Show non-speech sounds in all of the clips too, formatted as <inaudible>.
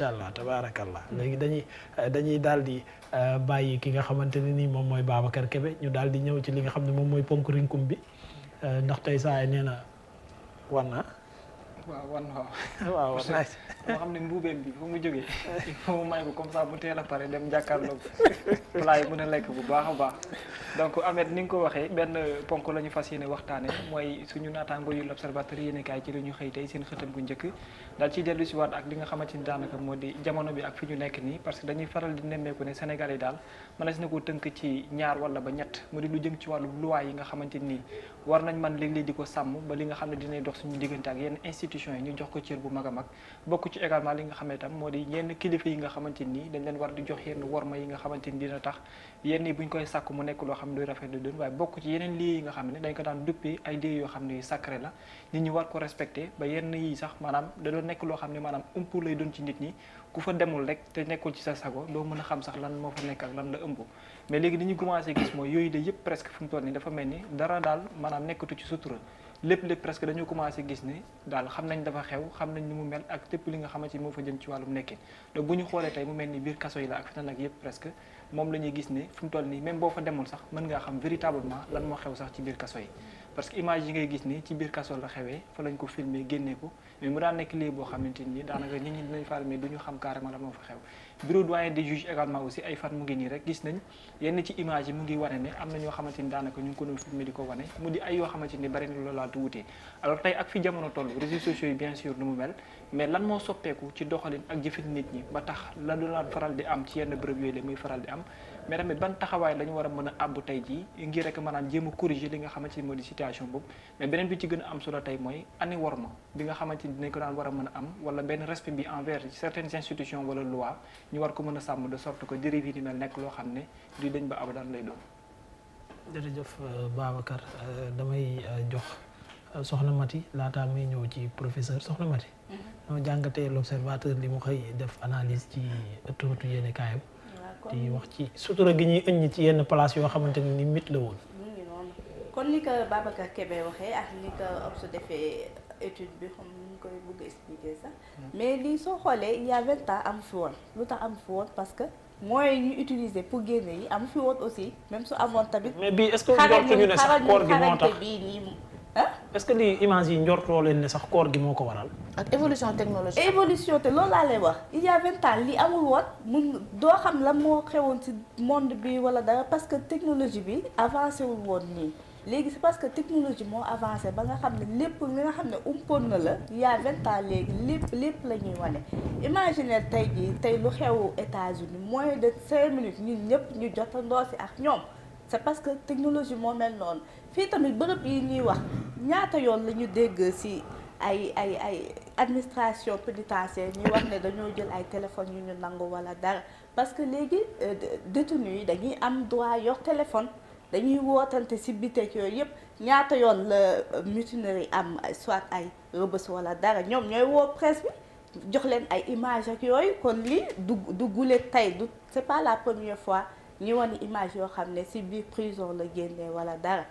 incha allah tabaarakallah léegi dañuy eh, dañuy daal di eh, bàyyi ki nga xamante ni nii moom mooy Babacar Kébé ñu daal di ñëw ci li nga xam ne moom mooy ponk rinkum bi eh, ndax tey saa nee na war na waaw wan waaw. <laughs> waaw wan naaj. moo xam ne mbuubeen bi fu mu jógee. il faut mu may ko comme ça mu teel a pare dem jàkkaarloog plat yi mën a lekk bu baax a baax donc Ameth ni nga ko waxee benn ponk la ñu fas yéene waxtaane mooy suñu naataango yu l'Observateur yéenekaay ci la ñu xëy tey seen xëtam bu njëkk daal ciy dellu si waat ak li nga xamante ni daanaka moo di jamono bi ak fi ñu nekk nii parce que dañuy faral di nemmeeku ne Sénégal yi daal mënees na ko tënk ci ñaar wala ba ñett mu di lu jëm ci wàllu loi yi nga xamante nii war nañ man léeg-léeg di ko sàmm ba li nga xam ne dinañ dox suñu diggante ak yenn institution yi ñu jox ko cër bu mag a mag bokk ci également li nga xam ne tam moo di yenn kilifa yi nga xamante nii dañ leen war di jox yenn worma yi nga xamante dina tax yenn yi buñ koy sàkk mu nekk loo xam ne luy rafet du doon waaye bokk ci yeneen lii yi nga xam ne dañ ko daan duppee ay lii yoo xam ne sacré la nit ñi war ko respecté ba yenn yi sax maanaam da doon nekk loo xam ne maanaam umpu lay doon ci nit ñi ku fa demul rek te nekkul ci sa sago doo mën a xam sax lan moo nekk ak lan la ëmb mais léegi yooyu de yëpp presque fu mu toll nii dafa mel ni dara daal maanaam nekkatu ci lépp lépp presque dañoo commencé gis ni daal xam nañ dafa xew xam nañ ni mu mel ak lépp li nga xamante ni moo fa jëm ci wàllum nekkin donc bu ñu xoolee tey mu mel ni biir kaso yi la ak feneen ak yëpp presque moom la ñuy gis ne fu mu toll nii même boo fa demoon sax mën ngaa xam véritablement lan moo xew sax ci biir kaso yi parce que image yi ngay gis ni ci biir kaso la xewee fa lañ ko filmé génnee ko mais mu daan nekk lii boo xamante ni daanaka nit ñi dinañ faral mais du ñu nii rek gis nañ yenn ci image yi mu ngi wane ne am na ñoo xamante ni daanaka ñu ngi ko doon di ko wane mu di ay yoo xamante ni bari na loolu laa tuutee alors tey ak fi jamono toll réseaux sociaux yi bien sûr nu mu mel mais lan moo soppeeku ci doxalin ak jëfin nit ñi ba tax la doon di am ci yenn bërëb muy faral di am mais tamit ban taxawaay lañu war a mën a àbb tey jii ngir rek maanaam jéem a corriger li nga xamante ni moo di situation boobu mais beneen bi ci gën am solo tey mooy ani war ma bi nga xamante ni dinañ ko daan war a mën a am wala benn respect bi envers certaines institutions wala loi ñu war ko mën a sàmm de sorte que dérive yi dina nekk loo xam ne du dañ ba abadan lay doon. jërëjëf Babacar euh, damay euh, jox euh, soxna Mati laataa muy ñëw ci professeur soxla Mati. noo jàngatee l'observateur li mu xëy def analyse ci ëttu yéene kaayam. di wax ci sutura gi ñuy ëññ ci yenn place yoo xamante ne ni mit la woon. kon li ko Babacar Kébé waxee ak li ko Obs defee étude bi xam ñu koy bëgg expliquer sax. Hmm. mais lii soo xoolee il y vingt ans am fi woon lu tax am fi woon parce que. mooy yi ñu utiliser pour génne yi am fi woon aussi même su amoon tamit. mais bi est-ce que njortuñu ne sax koor gi moo tax bii nii. est-ce que lii image yi njortoo leen ne sax koor gi moo ko waral. ak évolution technologique. évolution te loolu laa lay wax il y a vingt ans lii amul woon mun doo xam la moo xewoon ci monde bi wala dara parce que technologie bi avancé wul woon nii léegi c'est parce que technologie moo avancé ba nga xam ne lépp li nga xam ne umpoon na la il y a léegi lépp lépp la ñuy wane. imaginer tey jii tey lu xewu États-Unis moins de cinq minutes ñun ñëpp ñu jotandoo si ak ñoom c'est parce que technologie moo mel fii tamit bërëb yi ñuy wax ñaata yoon la ñu dégg ci ay ay ay administration pénitentiaire ñuy wax ne dañoo jël ay téléphones yu ñu nangu walla dara parce que léegi euh, détenus yi dañuy am droit yor téléphone dañuy wootante ci biteek yooyu yëpp ñaata yoon la euh, mutinerie am soit ay rëbës walla dara ñoom ñooy woo presse bi jox leen ay image ak yooyu kon lii du du gule tey du c'est pas la première fois ñi wane image yoo xam ne ci biir prison la génne walla dara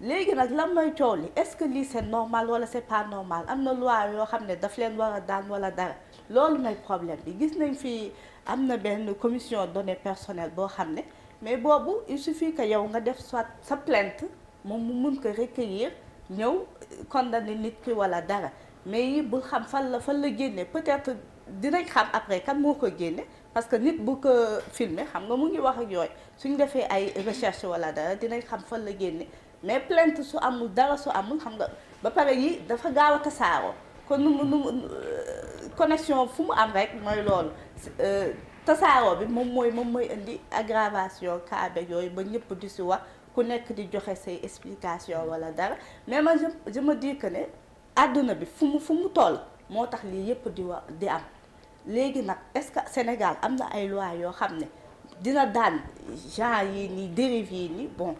léegi nag lan mooy coow li est-ce que lii c'est normal wala c'est pas normal am na loi yoo xam ne daf leen war a daan wala dara loolu mooy problème bi gis nañ fii am na benn commission données personnelles boo xam ne mais boobu il fii que yow nga def soit sa plainte moom mu mun ko recueillir ñëw euh, condamné nit ki wala dara mais yi bu xam fan la fan la génne peut-être dinañ xam après kan moo ko génne parce que nit bu ko filmer xam nga mu ngi wax ak yooyu suñ defee ay recherche wala dara dinañ xam fan la génne mais plainte su amul dara su amul xam nga ba pare yi dafa gaaw a tasaaroo kon nu mu nu mu euh, connexion fu mu am rek mooy loolu euh, tasaaroo bi moom mooy moom mooy indi aggravation cas yooyu ba ñëpp di si wax ku nekk di joxe say explication wala dara mais ma je je me ne àdduna bi fu mu fu mu toll moo tax lii yëpp di wa di am léegi nag est-ce que Sénégal am na ay loi yoo xam ne dina daan genre yi nii dérive yii nii bon.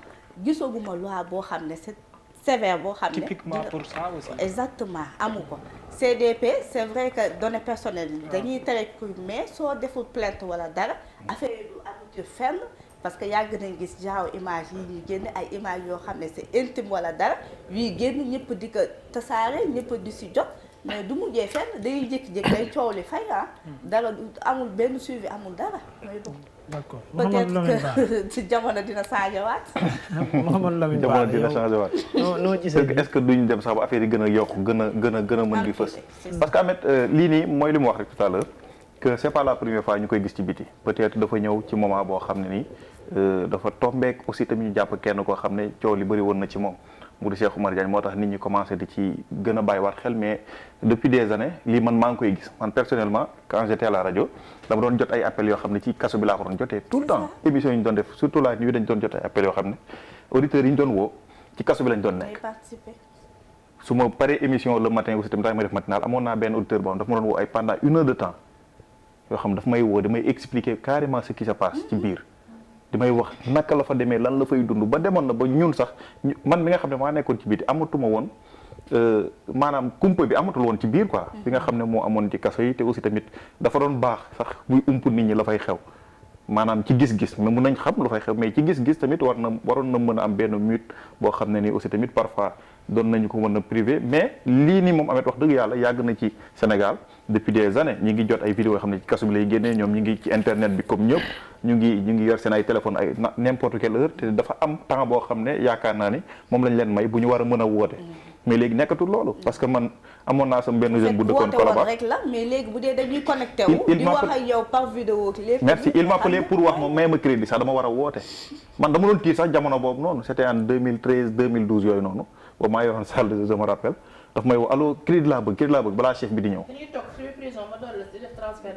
gisaguma loi boo xam ne c'est sévère boo xam ne typiquement pour ça aussi. exactement amu ko CDP c'est vrai que données personnelles dañuy tere kuy mais soo deful plainte wala dara affaire yi du amati fenn parce que yàgg nañ gis jaaw image yi ñu génn ay image yoo xam ne c'est intime wala dara yuy génn ñëpp di ko tasaare ñëpp di si jot mais du mujjee fenn day jékki-jékki day coow li fay ah. mm. dara amul benn suivi amul dara mooy bon mm. d'accord peut-être que <laughs> ci jamono dina saajawaat. <laughs> Mouhamadou Lamine Ba jamono dina saajawaat. noo noo gisee est-ce que duñ dem sax ba affaire gën a yokk gën a gën a gën a mën di fës. parce que Ameth euh, lii nii mooy li mu wax rek tout à l'heure la première fois ñu koy gis ci biti peut-être dafa ñëw ci moment boo xam ne nii euh, dafa tombeek aussi tam ñu jàpp kenn koo xam ne coow li bëri woon na ci moom. mu di Cheikh Oumar moo tax nit ñi commencé di ci gën a bàyyiwaat xel mais depuis des années lii man maa ngi koy gis man personnellement quand j'étais à rajo dama doon jot ay appels yoo xam ne ci kaso bi laa ko doon jotee tout le temps émission yi ñu doon def surtout la nuit dañ doon jot ay appels yoo xam ne auditeurs yi ñu doon woo ci kaso bi lañ doon nekk su ma paree émission le matin aussi tamit amoon naa benn auditeur boo xam dafa ma doon woo ay pendant une heure de temps yoo xam daf may woo damay expliquer carrément ce qui mm-hmm. biir di may wax naka la fa demee lan la fay dund ba demoon na ba ñun sax man mi nga xam ne maa nekkoon ci biir amatuma woon euh, maanaam kumpa bi amatul woon ci biir quoi. Mm. bi nga xam ne moo amoon ci kaso yi te aussi tamit dafa doon baax sax muy ump nit ñi la fay xew. maanaam ci gis-gis mais mun nañ xam lu fay xew mais ci gis-gis tamit war na waroon na mën a am benn mute boo xam ne ni aussi tamit parfois. doon nañu ko mën a privé mais lii nii moom Ameth wax dëgg yàlla yàgg na ci Sénégal depuis des années ñi ngi jot ay vidéo yoo xam ne ci kaso bi ñoom ñu ngi ci internet bi comme ñëpp ñu ngi ñu seen ay téléphone ay n'importe quelle heure te dafa am temps boo xam ne yaakaar naa ne moom lañ leen may bu ñu war a mën a woote mm-hmm. mais léegi nekkatul loolu parce que man amoon naa sama benn jeune bu dëkkoon Colobane rek mais léegi bu dee dañuy connecté wu wax ak yow a woote man dama doon tiir sax boobu maa yoroon salle de je me rappelle daf may woo allo crédit laa bëgg crédit laa bëgg balaa chef bi di ñëw. dañuy toog suñu prison ma di def transfert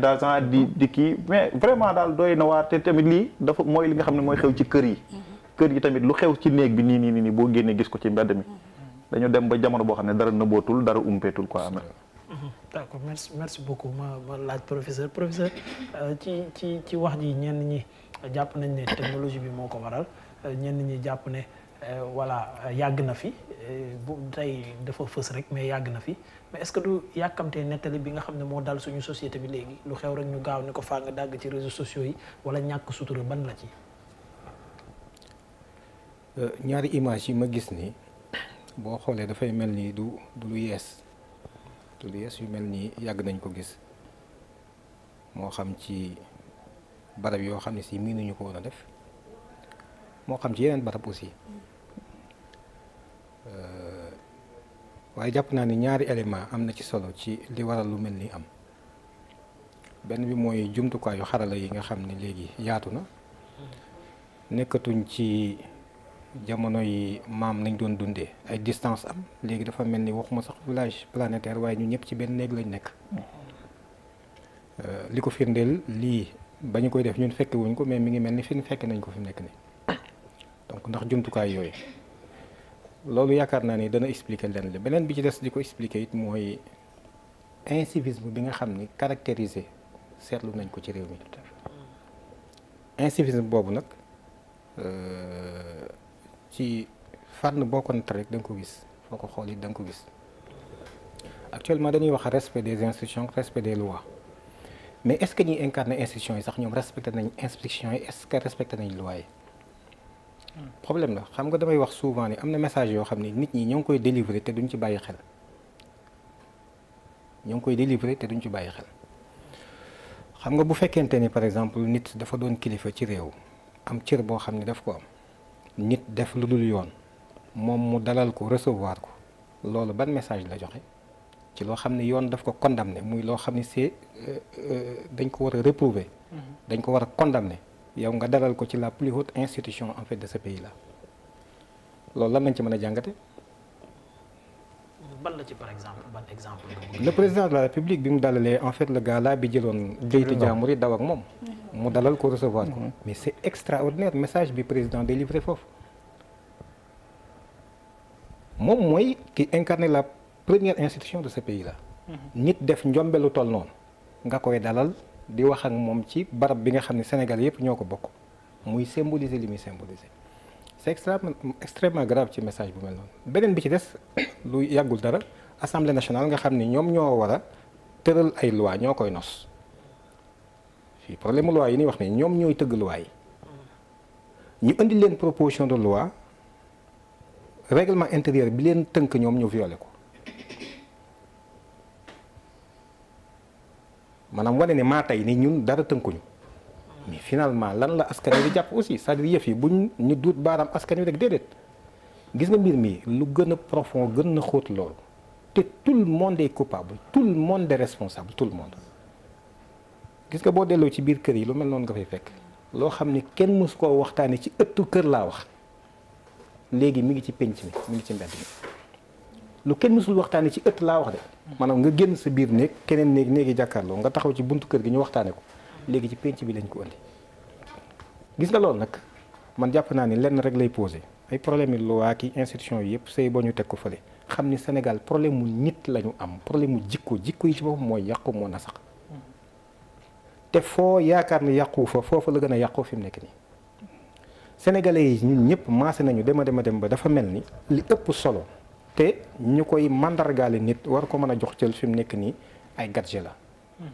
d'argent. di def kii mais vraiment daal doy na waar te tamit lii dafa mooy li nga xam ne mooy xew ci kër yi. kër yi tamit lu xew ci néeg bi nii nii nii boo génnee gis ko ci mbedd mi. dañu dem ba jamono boo xam ne dara nëbbootul dara umpeetul quoi amee. Mm-hmm. d'accord merci merci beaucoup ma ma laaj professeur professeur euh, ci ci ci wax ji ñenn ñi jàpp nañ ne technologie bi moo ko waral euh, ñenn ñi jàpp ne. Euh, voilà yàgg na fi euh, bu tey dafa fës rek mais yàgg na fi mais est-ce que du yàkkamtee nettali bi nga xam ne moo dal suñu société bi léegi lu xew rek ñu gaaw ni ko faa dàgg ci réseaux sociaux yi wala ñàkk sutura ban la ci. Euh, ñaari image yi ma gis ni boo xoolee dafay mel ni du du lu yees du lu yees yu mel nii yàgg nañ ko gis moo xam ci barab yoo xam ne si miinuñu ko woon a def moo xam ci yeneen barab aussi. Euh, waaye jàpp naa ni ñaari élément am na ci solo ci li waral lu mel ni am benn bi mooy jumtukaayu xarala yi nga xam ne léegi yaatu na nekkatuñ ci jamono yi maam nañ doon dundee ay distance am léegi dafa mel ni waxuma sax village planétaire waaye ñu ñëpp ci benn néeg lañ nekk euh, li ko firndeel lii ba ñu koy def ñun fekke wuñ ko mais mi ngi mel ni fi fekk nañ ko fi nekk nii donc ndax jumtukaay yooyu loolu yaakaar naa ni dana expliquer leen la beneen bi ci des di ko expliquer it mooy incivisme bi nga xam ni caractérisé seetlu nañ ko ci réew mi. incivisme boobu nag euh, ci fànn boo kon natt rek da ko gis foo ko xool it danga ko gis actuellement dañuy wax respect des institutions respect des lois mais est-ce que ñuy incarner institutions yi sax ñoom respecté nañ institutions yi est-ce que respecté nañ lois yi. problème la xam nga damay wax souvent ni am na message yoo xam ne nit ñi ñoo ngi koy délivrer te duñ ci bàyyi xel ñoo ngi koy délivrer te duñ ci bàyyi xel xam nga bu fekkente ni par exemple nit dafa doon kilifa ci réew am cër boo xam ne daf ko am nit def lu dul yoon moom mu dalal ko recevoir ko loolu ban message la joxe ci loo xam ne yoon daf ko condamné muy loo xam ne c'est euh, euh, dañ ko war a réprouver mm-hmm. dañ ko war a condamné yow nga dalal ko ci la plus haute institution en fait de ce pays là loolu lan lañ ci mën a jàngate. ban la ci par exemple exemple le président de la république bi mu dalalee en fait le gars bi jëloon déyti jaamur yi daw ak moom. Mm-hmm. mu dalal ko recevoir ko. Mm-hmm. mais c'est extraordinaire message bi président délivré foofu. moom mooy ki incarne la première institution de ce pays là. Mm-hmm. nit def njombe lu toll noonu nga koy dalal. di wax ak moom ci barab bi nga xam ne Sénégal yëpp ñoo ko bokk muy symboliser li muy symboliser c'est extrêmement grave ci message bu mel noonu beneen bi ci des <coughs> lu yàggul dara assemblée nationale nga xam ni ñoom ñoo war a tëral ay loi ñoo koy nos fii problème loi yi ñuy wax ne ñoom ñooy tëgg loi yi ñu indi leen proposition de loi règlement intérieur bi leen tënk ñoom ñu violé ko maanaam wane ne maa tey ni ñun dara tënkuñu mais finalement lan la askan wi di jàpp aussi sa à dire yëf yi buñ ñu duut baaraam askan wi rek déedéet gis nga mbir mi lu gën a profond gën na xóot loolu te tout le monde est coupable tout le monde est responsable tout le monde gis nga boo delloo ci biir kër yi lu mel noonu nga fay fekk loo xam ni kenn mësu koo waxtaane ci ëttu kër laa wax léegi mu ngi ci pénc mi mi ngi ci mbedd mi lu kenn mësul waxtaane ci ëtt laa wax de maanaam nga génn sa biir néeg keneen néeg néegi jàkkaarloo nga taxaw ci buntu kër gi ñu waxtaane ko léegi ci penc bi lañ ko andi gis nga loolu nag man jàpp naa ni lenn rek lay posé ay problème yi loi ki institution yi yëpp say boo ñu teg ko fële xam ni Sénégal problème mu nit la ñu am problème mu jikko jikko yi ci boppam mooy yàqu moo nasax te foo yaakaar ni yàqu fa foofu la gën a yàqoo fi mu nekk nii sénégalais yi ñëpp maase nañu dema dema dem ba dafa mel ni li ëpp solo te ñu koy mandargaale nit war ko mën a jox cël fi nekk nii ay gadget la mm-hmm.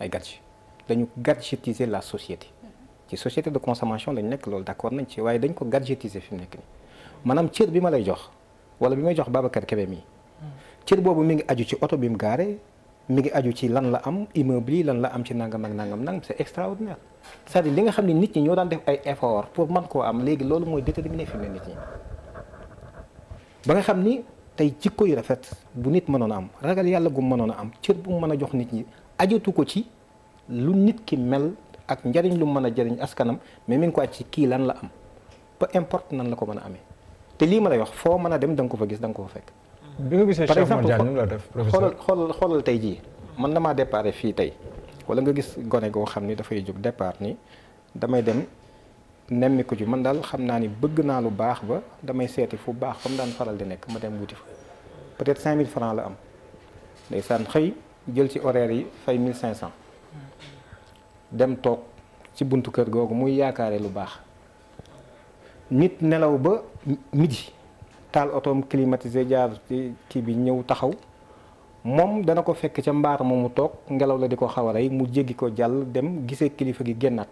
ay gadget dañu gadgetiser la société mm-hmm. ci société de consommation lañ nekk loolu d'accord nañ ci waaye dañ ko gadgetiser fi mu nekk nii maanaam cër bi ma lay jox wala bi may jox Babacar Kébé mii mm-hmm. cër boobu mu ngi aju ci oto bi mu gaare mu ngi aju ci lan la am immeuble yi lan la am ci nangam ak nangam nangam c'est extraordinaire cest à li nga xam ne nit ñi ñoo daan def ay effort pour man koo am léegi loolu mooy déterminer fi mu ne nit ba nga xam ni tey jikko yu rafet bu nit mënoon am ragal yàlla gum mënoon am cër bu mu mën a jox nit ñi ajatu ko ci lu nit ki mel ak njariñ lu mën a jariñ askanam mais mi ngi ko àcc ci kii lan la am peu importe nan la ko mën a amee te lii ma lay yox foo mën a dem da ko fa gis da ko fa fekk. bi nga gisee Cheikh Omar Diagne la def professeur xoolal xoolal tey jii man damaa déparé fii tey wala nga gis gone goo xam ni dafay jóg départ ni damay dem. nemmiku ci man daal xam naa ni bëgg naa lu baax ba damay seeti fu baax fa daan faral di nekk ma dem wuti fa peut-être 5000 francs la am ndeysaan xëy jël ci horaire yi fay 1500 dem toog ci buntu kër googu muy yaakaare lu baax nit nelaw ba midi taal otoom climatisé jaar ci kii bi ñëw taxaw moom dana ko fekk ca mbaar mu toog ngelaw la di ko xaw a rey mu jéggi ko jàll dem gisee kilifa gi génnaat.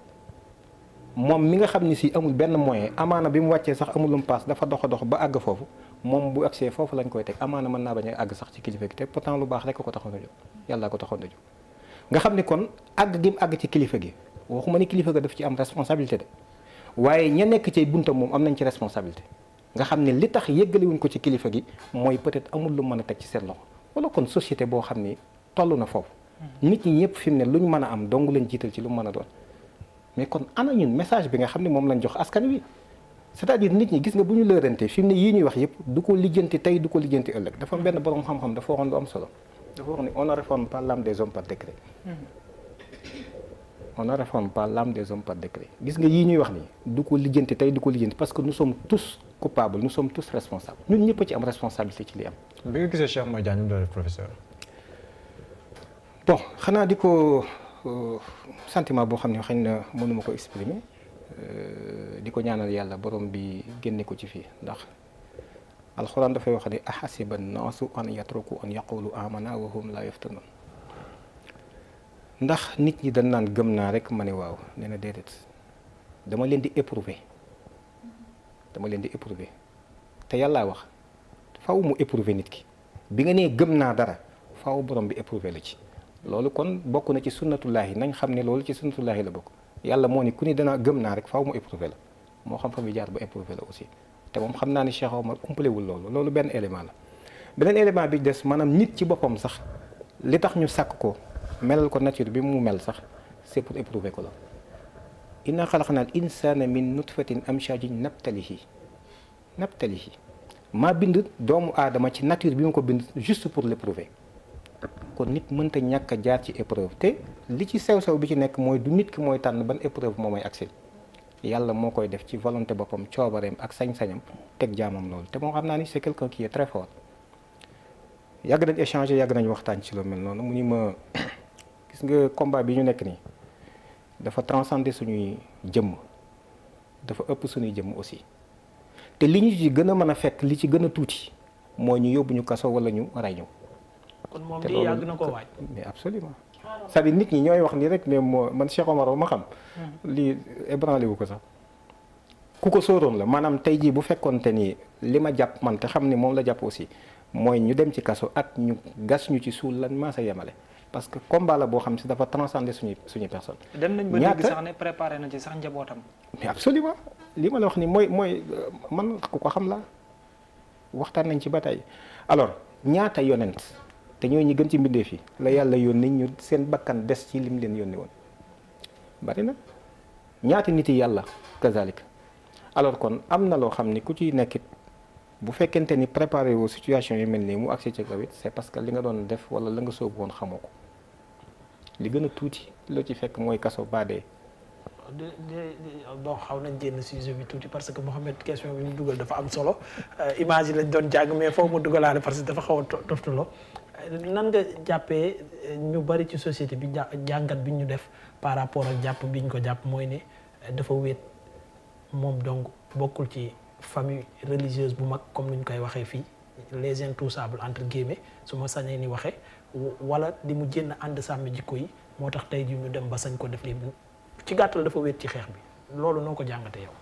moom mi nga xam ni si amul benn moyen amaana bi mu wàccee sax amul lu mu paas dafa dox a dox ba àgg foofu moom bu àgsee foofu koy teg amaana mën naa a àgg sax ci kilifa gi a jóg yàllaa ko taxoon nga xam ni kon àgg gi àgg ci kilifa gi waxuma ni kilifa ga daf ci am responsabilité de waaye ña nekk ci buntam moom am nañ ci responsabilité nga ne li tax yëggaliwuñ ko ci kilifa gi mooy peut-être amul lu mën a teg ci seen loxo wala kon société boo xam ni toll na foofu hmm. nit ñi ñëpp fi mu ne luñ mën a am dong leen jiital ci lu mën a doon mais kon ana ñun message bi nga xam ne moom lañ jox askan wi c'est-à-dire nit ñi gis nga bu ñu lërante fi mu ne yii ñuy wax yëpp ko lijjanti tey du ko lijjanti ëllëg dafa am benn borom xam-xam dafa waxoon solo dafa wax ni on ne réforme pas l'âme des hommes par mm-hmm. des hommes par décret gis nga yii ñuy wax ni du ko lijjanti tey du ko lijjanti parce que nous sommes tous coupables nous sommes tous responsables ñun ñëpp ci am responsabilité ci li am. bi nga gisee Cheikh Madiagne ñu doon professeur. bon xanaa di ko. sentiment boo xam ne xañ na mënuma ko exprimer euh, di ko ñaanal yàlla borom bi génne ko ci fii ndax alxuraan dafay wax ne ahasiba naasu an yatruku an yaqulu amana wa hum la yaftanun ndax nit ñi dañ naan gëm naa rek ma ne waaw nee na dama leen di éprouver dama leen di éprouver te yàllaa wax faw mu éprouver nit ki bi nga nee gëm naa dara faw borom bi éprouver la ci loolu kon bokk na ci sunnatullahi nañ xam ne loolu ci sunnatullahi la bokk yàlla moo ni ku ni danaa gëm naa rek faaw mu éprouvé la moo xam fa mu jaar ba éprouvé la aussi te moom xam naa ni Cheikh Omar umpalewul loolu loolu benn élément la beneen élément bi des maanaam nit ci boppam sax li tax ñu sàkk ko melal ko nature bi mu mel sax c'est pour éprouver ko la inna xalaqna al insana min nutfatin amshajin nabtalihi nabtalihi maa bind doomu aadama ci nature bi mu ko bind juste pour l'éprouver kon nit mënta ñàkk a jaar ci épreuve te li ci sew-sew bi ci nekk mooy du nit ki mooy tànn ban épreuve moo may accès yàlla moo koy def ci volonté boppam coobareem ak sañ-sañam teg jaamam loolu te moo xam naa ni c'est quelqu'un qui est fort yàgg nañ échanger yàgg nañ waxtaan ci lu mel noonu mu ni ma <coughs> gis nga combat bi ñu nekk nii dafa transcender suñuy jëmm dafa ëpp suñuy jëmm aussi te li ñu ji gën a mën a fekk li ci gën a tuuti moo ñu yóbbu ñu kaso wala ñu rey ñu kon moom di yàgg na mais absolument cest à nit ñi ñooy wax nii rek mais moo man Cheikh Omar ma xam. Hmm. lii ébranlé wu ko sax. ku ko sóoroon la maanaam tey jii bu fekkoonte ni li ma jàpp man te xam ni moom la jàpp aussi mooy ñu dem ci kaso ak ñu gas ñu ci suul lan maa sa yemale. parce que combat la boo xam si dafa transcender suñuy suñu personne. dem nañ ba dégg sax ne préparé na ci sax njabootam. mais absolument li ma la wax ni mooy mooy euh, man ku ko xam la waxtaan nañ ci ba tey alors ñaata yonent te ñoo ñi gën ci mbindeef yi la yàlla yónni ñu seen bakkan des ci lim leen yónni woon bari na ñaati nit yi yàlla kazalik alors kon am na loo xam ni ku ciy nekkit bu fekkente ni préparé woo situation yu mel nii mu agsi ci kaw it c'est parce que li nga doon def wala la nga sóobu woon xamoo ko li gën a tuuti loo ci fekk mooy kaso baadee de bon xaw nañ génn sujet bi tuuti parce que Mouhamed question bi mu dugal dafa am solo euh, image yi lañ doon jàng mais foofu mu dugalaale parce que dafa xaw a toftaloo nan nga jàppee eh, ñu bari ci société bi jàngat bi ñu def par rapport ak jàpp bi ñu ko jàpp mooy ne eh, dafa wéet moom donc bokkul ci famille religieuse bu mag comme ni ñu koy waxee fii les intouchables entre guillemets su ma sañee ni waxee wala di mu jénn ànd sàmm jikko yi moo tax tey ji ñu dem ba sañ ko def lii ci gàttal dafa wéet ci xeex bi loolu noo ko jàngatee yow.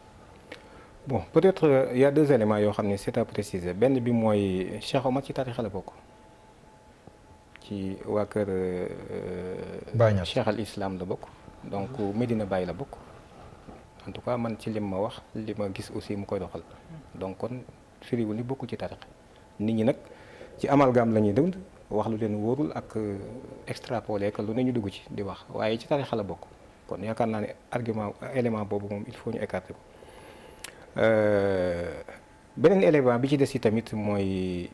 bon peut-être euh, y a deux yoo xam ne c'est à préciser benn bi mooy Cheikh Omar ci tarixa la bokk. ci waa kër euh, Cheikh al Islam la bokk donc Medina bàyyi la bokk en tout cas man ci lim ma wax li ma gis aussi mu koy doxal donc kon firiwul ni bokkul ci tarix nit ñi nag ci amalgam la ñuy dënd wax lu leen wóorul ak euh, extrapolé que lu ne ñu dugg ci di wax waaye ci tarixa la bokk kon yaakaar naa ne argument élément boobu moom il faut ñu écarter ko euh, beneen élément bi ci des yi tamit mooy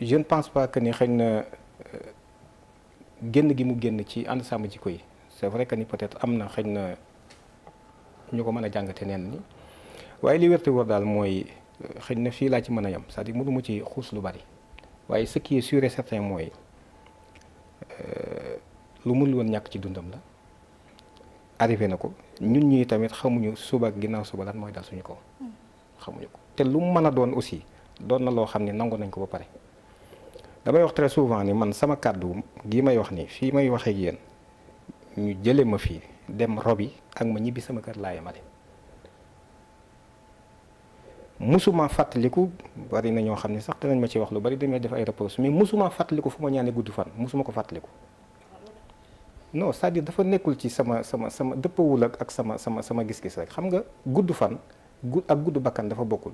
je ne pense pas que ni xëy na euh, génn gi mu génn ci ànd sàmm jikko koy c'est vrai que ni peut-être am na xëy na ñu ko mën a jàngate neen ni waaye li wérte war daal mooy euh, xëy na fii laa ci mën a yem sa à dire ci xuus lu bari waaye ce qui est sûr et certain mooy euh, lu mënul woon ñàkk ci dundam la arrivé na ko ñun ñii tamit xamuñu suba ak ginnaaw suba lan mooy dal suñu kaw hmm. xamuñu ko te lu mën a doon aussi doon na loo xam ne nangu nañ ko ba pare damay wax très souvent ni man sama kàddu gi may wax nii fii may waxee ak yéen ñu jële ma fii dem robi ak ma ñibbi sama kër laa yemale musuma fàttaliku bari na ñoo xam ne sax danañ ma ci wax lu bari dañuy def ay repos mais musuma fàttaliku fu ma ñaanee gudd fan musuma ko fàttaliku non cest à dafa nekkul ci sama sama sama dëppawul ak sama sama sama gis-gis rek xam nga gudd fan gu ak gudd bakkan dafa bokkul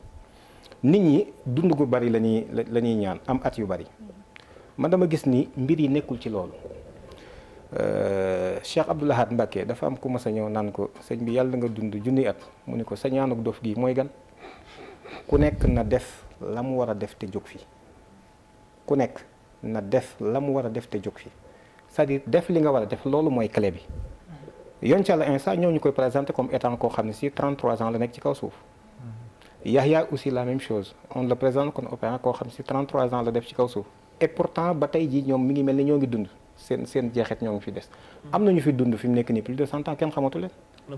nit ñi dund gu bari la ñuy la ñaan am at yu bari man dama gis ni mbir yi nekkul ci loolu euh, Cheikh Abdoul Ahad Mbacké dafa am ku ma a ñëw naan ko sëñ bi yàlla nga dund junni at mu ni ko sa ñaanuk dof gi mooy gan ku nekk na def la mu war a def te jóg fi ku nekk na def la mu war a def te jóg fi sa à dire def li nga war a def loolu mooy clé bi. yoon ci Yàlla instant ñoo ñu koy présenté comme étant koo xam ne si 33 ans la nekk ci kaw suuf. Yahya aussi la même chose on le présente comme opérant koo xam si 33 ans la def ci kaw suuf et pourtant ba tey jii ñoom mi ngi mel ni ñoo ngi dund seen seen jeexit fi des hmm. am nañu fi dund fi mu nekk nii plus de 100 ans kenn xamatu leen bi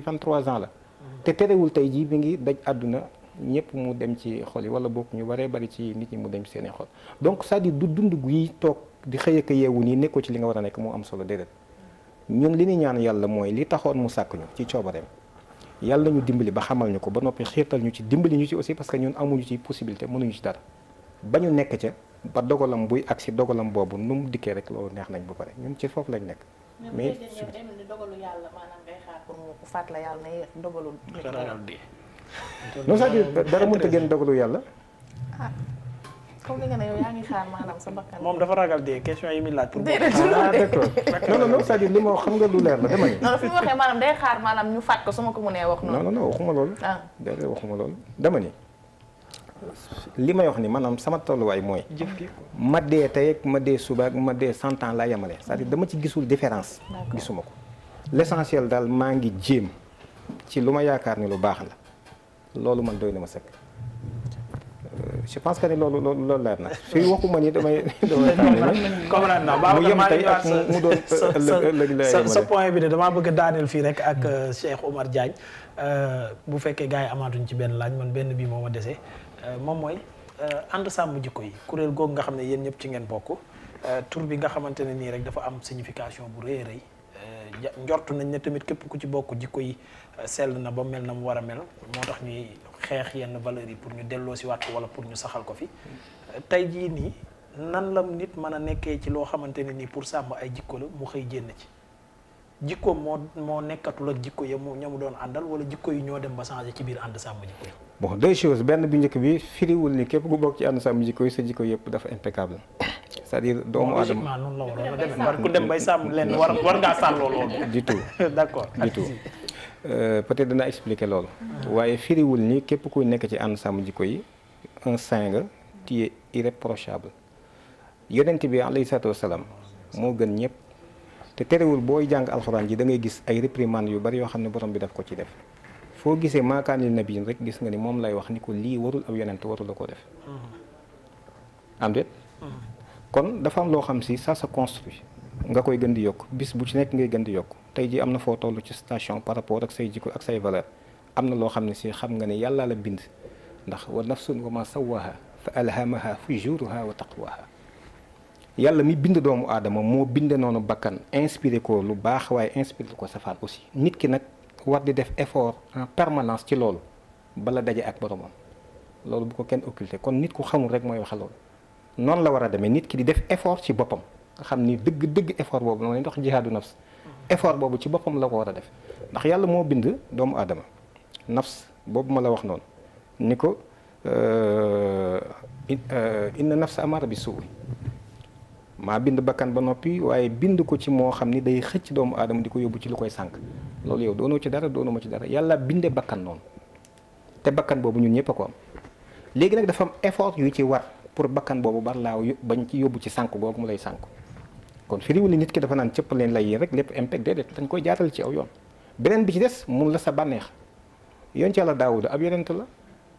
23 ans la hmm. hmm. te terewul tey jii mi ngi daj àdduna ñëpp mu dem ci xol yi wala bokk ñu waree bari ci nit ñi mu dem ci seen i xol donc c'est-à-dire du dund gi toog di xëy ak yeewu nii nekkoo ci li nga war a nekk moo am solo déedéet ñun li ñu ñaan yàlla mooy li taxoon mu sàkk ñu ci coobareem yàlla ñu dimbali ba xamal ñu ko ba noppi xiirtal ñu ci dimbali ñu ci aussi parce que ñun amuñu ci possibilité mënuñu ci dara ba ñu nekk ca ba dogalam buy ak si dogalam boobu nu mu dikkee rek loolu neex nañ ba pare ñun ci foofu lañ nekk. mais su yàlla maanaam ngay xaar pour mu dara mënta gën dogalu yàlla. Ah. comme ni moom dafa ragal dee question yi muy <laughs> li ma xam nga lu leer la dama. non fi mu waxee ma ko wax. non non non waxuma loolu. Ah. waxuma loolu dama ni. li may wax ni maanaam sama tolluwaay mooy. jëf ma dee tey ak ma dee suba ak ma dee cent ans laa yemale cest à dama ci gisul différence. gisuma ko l'essentiel daal maa ngi jéem ci lu ma yaakaar ni lu baax la loolu man doy na ma sëkk je pense que ne loolu loolu loolu leer na suy waxuma ni damay damay comprendre naa mu yem tey la sa point bi de damaa bëgg daaneel fii rek ak Cheikh Omar Diagne bu fekkee gars yi amaatuñ ci benn laaj man benn bi moo ma desee moom mooy euh, ànd sàmm jikko yi kuréel googu nga xam ne yéen ñëpp ci ngeen bokk tour bi nga xamante ne nii rek dafa am signification bu rëy rëy njortu nañ ne tamit képp ku ci bokk jikko yi euh, sell na ba mel na mu war a mel moo tax ñuy xeex yenn valeur yi pour ñu delloo si waat ko wala pour ñu saxal ko fi tey jii nii nan la nit mën a nekkee ci loo xamante ne nii pour sàmm ay jikko la mu xëy génn ci jikko moo moo nekkatul ak jikko ya mu ñamu doon àndal wala jikko yi ñoo dem ba changé ci biir ànd sàmm jikko yi bon benn bu njëkk bi firiwul ni képp ku bokk ci ànd sàmm jikko yi sa jikko yëpp dafa impeccable c'est-à-dire doomu aadama noonu la waroon a demee ku dem bay sàmm leen war war ngaa sàlloo loolu du tout <laughs> d'accord du tout Euh, peut-être dana expliquer loolu. Ah. waaye firiwul ni képp kuy nekk ci ànd sàmm jikko yi un saint nga tu es irréprochable yonent bi alayhi salaatu wasalaam moo gën ñëpp te terewul booy jàng alxuraan ji da ngay gis ay réprimandes yu bari yoo xam ne borom bi daf ko ci def foo gisee maakaanil nabiin rek gis nga ni moom lay wax ni ko lii warul ab yonent warul la ko def. am déet kon dafa loo xam si ça se construit. nga koy gën di yokk bis bu ci nekk ngay gën di yokk tey jii am na foo toll ci station par rapport ak say jikko ak say valeur am na loo xam ne si xam nga ne yàlla la bind ndax wa nafsun wa ma sawaha fa alhamaha fujuraha wa taqwaha yàlla mi bind doomu aadama moo binde noonu bakkan inspiré ko lu baax waaye inspiré ko safaan aussi nit ki nag war di def effort en permanence ci loolu bala daje ak boromam loolu bu ko kenn occulté kon nit ku xamul rek mooy waxe noonu la war a demee nit ki di def effort ci boppam xam ni dëgg dëgg effort boobu mooy ndox jihaadu nafs effort boobu ci boppam la ko war a def ndax yàlla moo bind doomu adama nafs boobu ma la wax noonu ni ko euh, euh, inna nafsa amara bi suuy maa bind bakkan ba noppi waaye bind ko ci moo xam ni day xëcc doomu adama di ko yóbbu ci lu koy sànq loolu yow doonoo ci dara doonoo ma ci dara yàlla binde bakkan noonu te bakkan boobu ñun ñëpp ko am léegi nag dafa am effort yu ci war pour bakkan boobu bar laa bañ ci yóbbu ci sànq googu mu lay sànq kon firiwu ni nit ki dafa naan cëpp leen lay yéen rek lépp impact déedéet dañ koy jaatal ci aw yoon beneen bi ci des mun la sa bànneex yoon ci yàlla daawuda ab yonent la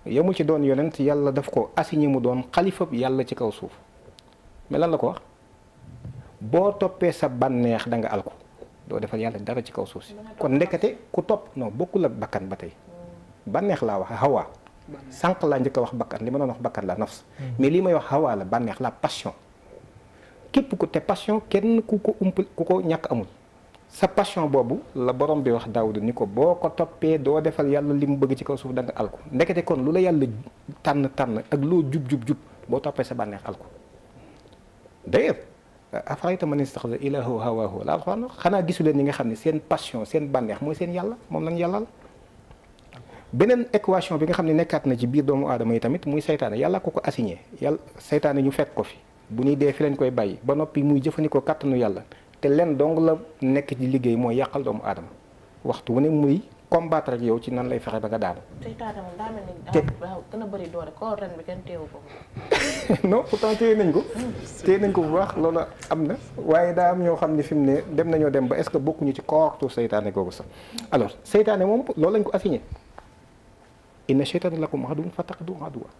yemul ci doon yonent yàlla daf ko assigné mu doon xalifa yàlla ci kaw suuf mais lan la ko wax boo toppee sa bànneex da nga alku doo defal yàlla dara ci kaw suuf si kon ndekete ku topp non bokkul ak bakkan ba tey bànneex laa wax hawa sanq laa njëkk a wax bakkan li ma doon wax bakkan hmm. la nafs képp ko te passion kenn ku ko umpul ku ko ñàkk amul sa passion boobu la borom bi wax Daawuda ni ko boo ko toppee doo defal yàlla li mu bëgg ci kaw suuf da nga alku ndekete kon lu la yàlla tànn tànn ak loo jub jub jub boo toppee sa bànneex alku d'ailleurs afarayta man istaxda ilaahu hawaahu la alxuraan xanaa gisu leen ñi nga xam ne seen passion seen bànneex mooy seen yàlla moom lañ yàllal beneen équation bi nga xam ne nekkaat na ci biir doomu aadama yi tamit muy saytaane yàlla ko ko assigné yàll saytaane ñu fekk ko fi bu ñuy dee fi lañ koy bàyyi ba noppi muy jëfandikoo kàttanu yàlla te lenn dong la nekk ci liggéey mooy yàqal doomu aadama waxtu wu ne muy combattre ak yow ci nan lay fexe ba nga daanu. tey taata moom daa mel ah, ko ren bi <laughs> nañ ko. téye nañ ko bu baax loolu am na. waaye daa am ñoo xam ne fi mu ne dem nañoo dem ba est-ce que bokkuñu ci koortu seytaane googu sax alors seytaane moom loolu lañ ko assigné. inna seytaane lakum aduwwun fattaxiduuhu aduwwan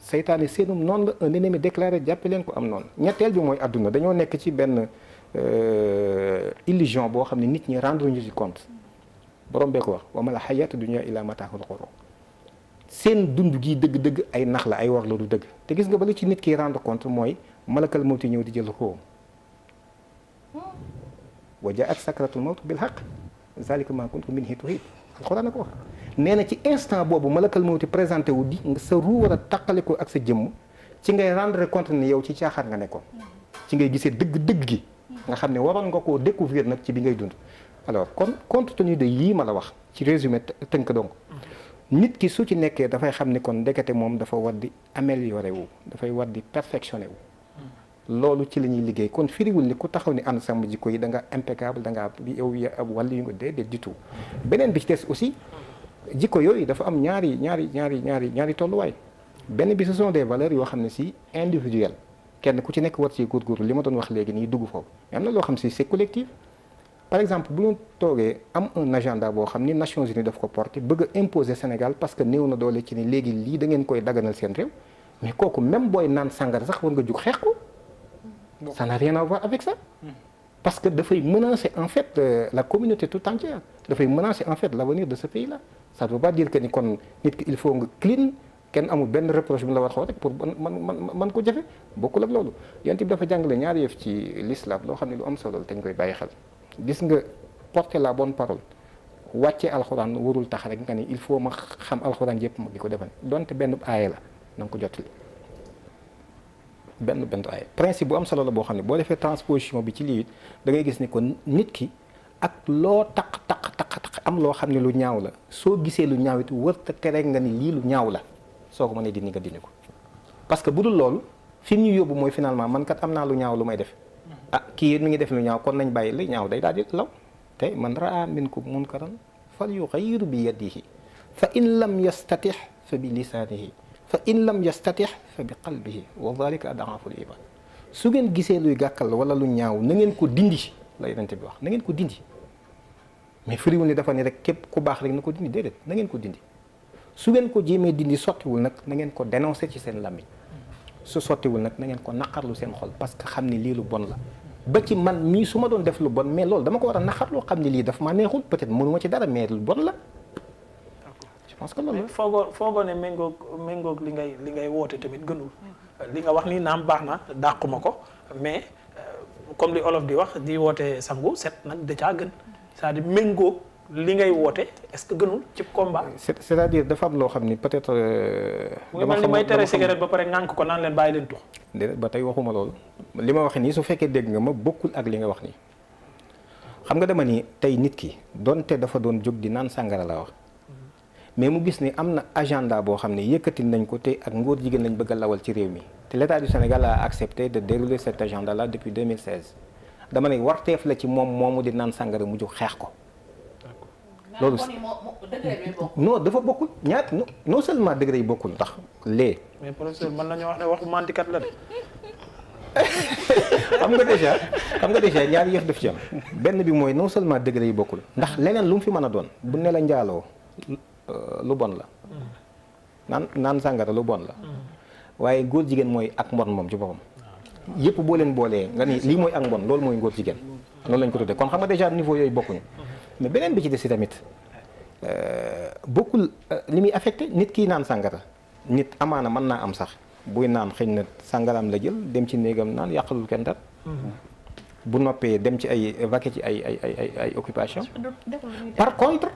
seytaane seenum noonu la un ennemi déclaré jàppe leen ko am noonu ñetteel bi mooy àdduna dañoo nekk ci benn euh, illusion boo xam ne nit ñi rendre ñu ci compte borom bee ko wax wa ma la xayaatu dunya illa mataaxul xoro seen dund gi dëgg-dëgg ay nax la ay war la du dëgg te gis nga ba li ci nit ki rendre compte mooy malakal mawti ñëw di jël ruuwam wa jaat sakratul mawt bil haqq zalika ma kuntum minhu tuhid alxuraan a ko wax nee na ci instant boobu malakal mawti présenté wu di sa ruu war a taqalikoo ak sa jëmm ci ngay rendre compte ne yow ci caaxaan nga nekkoon ci ngay gisee dëgg-dëgg gi nga xam ne waroon nga koo découvrir nag ci bi ngay dund alors kon compte tenu de yii ma la wax ci résumé tënk donc nit ki su ci nekkee dafay xam ni kon ndekete moom dafa war di amélioré wu dafay war di perfectionné wu loolu ci la ñuy liggéey kon firiwul ni ku taxaw ni ànd sama jikko yi da nga impeccable da nga yow ab wàllu yu nga déedéet du tout beneen bi ci aussi jikko yooyu dafa am ñaari ñaari ñaari ñaari ñaari tolluwaay benn bi ce sont des valeurs yoo xam ne si individuelles kenn ku ci nekk war ci góorgóorlu li ma doon wax léegi nii dugg foofu am na loo xam si c'est collectif par exemple bu ñu toogee am un agenda boo xam ni Nations Unies daf ko porté bëgg a imposer Sénégal parce que new na doole ci ni léegi lii da ngeen koy daganal seen réew mais kooku même booy naan sàngara sax war nga jug xeex ko ça n'a rien à avec ça hmm. parce que dafay menacer en fait euh, la communauté tout entière dafay menacer en fait l'avenir de ce pays là ça ne veut pas que ni kon nit ki il faut nga clean kenn amul benn reproche bu la war xoo rek pour man man man ko jafe bokk ak loolu yonent bi dafa jàngale ñaari yëf ci l'islam loo xam ne lu am solo la te koy bàyyi xel gis nga porter la bonne parole wàcce alxuraan warul tax rek nga ni il faut ma xam alxuraan yëpp ma di ko defal donte benn aaye la na nga ko jotali benn benn aaye principe bu am solo la boo xam ne boo defee transposition bi ci lii da ngay gis ni kon nit ki ak loo taq taq taq taq am loo xam ne lu ñaaw la soo gisee lu ñaaw it wërta tere nga ni lii lu ñaaw la soo ko mënee dindi nga dindi ko parce que bu dul loolu fi ñu yóbbu mooy finalement man kat am naa lu ñaaw lu may def mm-hmm. ah kii it mi ngi def lu ñaaw kon nañ bàyyi lu ñaaw day daal di law te man raa minkum munkaran fal yughayyiru bi yadihi fa in lam yastatix fa bi lisaanihi fa in lam yastatix fa bi qalbihi wa dalika ad'aful iman su ngeen gisee luy gàkkal wala lu ñaaw na ngeen ko dindi la yonent bi wax na ngeen ko dindi mais firiwul ne dafa ne rek képp ku baax rek na ko dindi déedéet na ngeen ko dindi su ngeen ko jéemee dindi sottiwul nag na ngeen ko dénoncé ci seen làmmiñ su sottiwul nag na ngeen ko naqarlu seen xol parce xam ni lii lu bon la ba ci man mii su ma doon def lu bon mais loolu dama ko war a naqarloo xam ni lii daf ma neexul peut-être ci dara mais lu bon la je pense que loolu foogoo foogoo ne méngoog méngoog li ngay woote tamit gënul li nga wax nii naam baax na dàquma ko mais euh, comme li olof c'est-à-dire méngóog li ngay woote est-ce que gënul ci combat. c'est-à-dire dafa am loo xam ni peut-être. Euh, dama xam may tere cigarette ba pare ŋànk ko naan leen bàyyi leen tux. déedéet ba tey waxuma loolu li ma wax nii su fekkee dégg nga ma bokkul ak li nga wax nii xam nga dama nii tey nit ki donte dafa doon jóg di naan sàngara la wax. mais mu gis ni am na agenda boo xam ne yëkkati nañ ko te ak ngóor jigéen lañ bëgg lawal ci réew mi te l'État du a accepté de dérouler cet agenda là depuis 2016. dama ne warteef la ci moom moomu di naan sàngara mu jóg xeex ko. loolu si non dafa bokkul ñaat non seulement degré yi bokkul ndax lee. mais professeur mën nañoo wax ne waxu mantikat la de. <laughs> xam xam nga déjà ñaari yëf daf ci benn bi mooy non seulement degré yi bokkul ndax leneen lu mu fi mën a doon bu ne la njaaloo euh, lu bon la. Mm. naan naan sàngara lu bon la. Mm. waaye góor jigéen mooy ak mbon moom ci boppam. yëpp boo leen boolee nga ni lii mooy ak mbon loolu mooy ci jigéen loolu lañ ko tuddee kon xam nga déjà niveau yooyu bokkuñu mm-hmm. mais beneen bi ci des si tamit euh, bokkul euh, li muy affecté nit kii naan sàngara nit amaana mën naa am sax buy naan xëñ na sàngaraam la jël dem ci néegam naan yàqalul kenn dara mm-hmm. bu noppee dem ci ay vaqué ci ay ay ay ay occupation par contre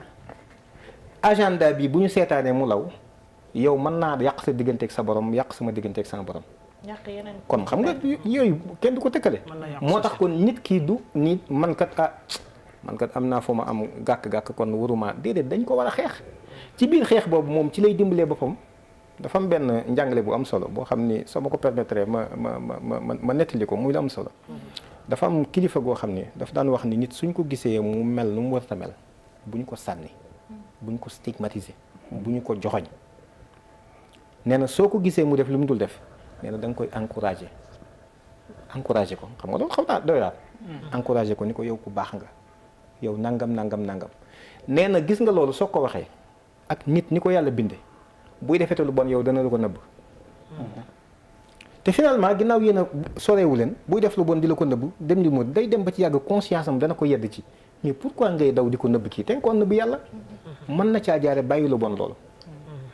agenda bi bu ñu seetaanee mu law yow mën naa yàq sa digganteeg sa borom yàq sama digganteek sama borom kon xam nga yooyu kenn du ko tëkkale moo tax kon nit kii du nit mankat a ah am naa fu ma am gàkk-gàkk kon waruma déedéet dañ ko war a xeex ci biir xeex boobu moom ci lay dimbalee boppam dafa am benn njàngale bu am solo boo xam ni soo ma ko permettre ma ma ma ma ma nettali ko muy la am solo mm-hmm. dafa am kilifa goo xam ni dafa daan wax ni nit suñ ko gisee mu mel nu mu war a mel bu ñu ko sànni mm-hmm. bu ñu ko stigmatiser bu ñu ko joxoñ nee na soo ko gisee mu def lu mu dul def nee danga koy encouragé encouragé ko xam nga loolu xam naa doy daal mm. encouragé ko ni ko yow ku baax nga yow nangam nangam nangam nee na gis nga loolu soo ko waxee ak nit ni ko yàlla binde buy defete lu bon yow dana ko nëbb te ginnaaw yéen a sorewu leen buy def lu bon di la ko nëbb dem di mu day dem ba ci yàgg conscience am dana ko yedd ci mais pourquoi ngay daw di ko nëbb kii te nga ko nëbb yàlla mm-hmm. mën na caa jaare bàyyi lu bon loolu mm-hmm.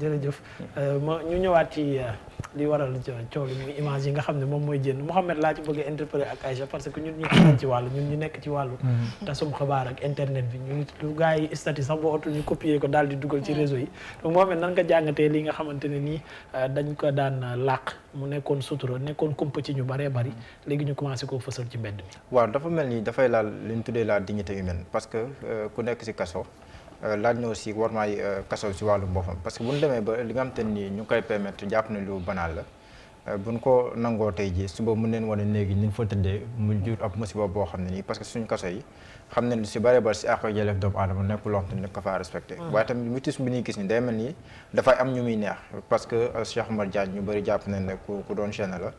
jërëjëf euh, ma ñu ñëwaat ci euh, li waral coow li muy image yi nga xam ne moom mooy jënd Mouhamed laa ci bëgg a interpellé ak Aïcha parce que ñun ñu ci wàllu ñun ñu nekk ci wàllu mm-hmm. tasum xabaar ak internet bi ñu lu gars yi statut sax boo otul ñu copier ko daal di dugal ci mm-hmm. réseau yi donc nan nga jàngatee li nga xamante ne nii euh, dañ ko daan làq mu nekkoon sutura nekkoon kumpa ci ñu bëree bari mm-hmm. léegi ñu commencé koo fësal ci mbedd mi waaw dafa mel nii dafay laal li ñu tuddee la dignité humaine parce que ku nekk si kaso Euh, laaj na aussi war maay euh, kaso si wàllu boppam parce que bu ñu demee ba li nga xam te ni ñu koy permettre jàpp na lu banal la. Euh, buñ ko nangoo tey jii suba mun leen wane néegi ñu fa tëddee mu jur ab musiba boo xam ne nii parce que suñu kaso xam ne si bëree bëri si àq loo xam ne ni ko faa respecté mm. gis ni ni dafay am ñu muy parce que Cheikh Omar Diagne ñu bëri jàpp nañ ne ku ku doon gêné la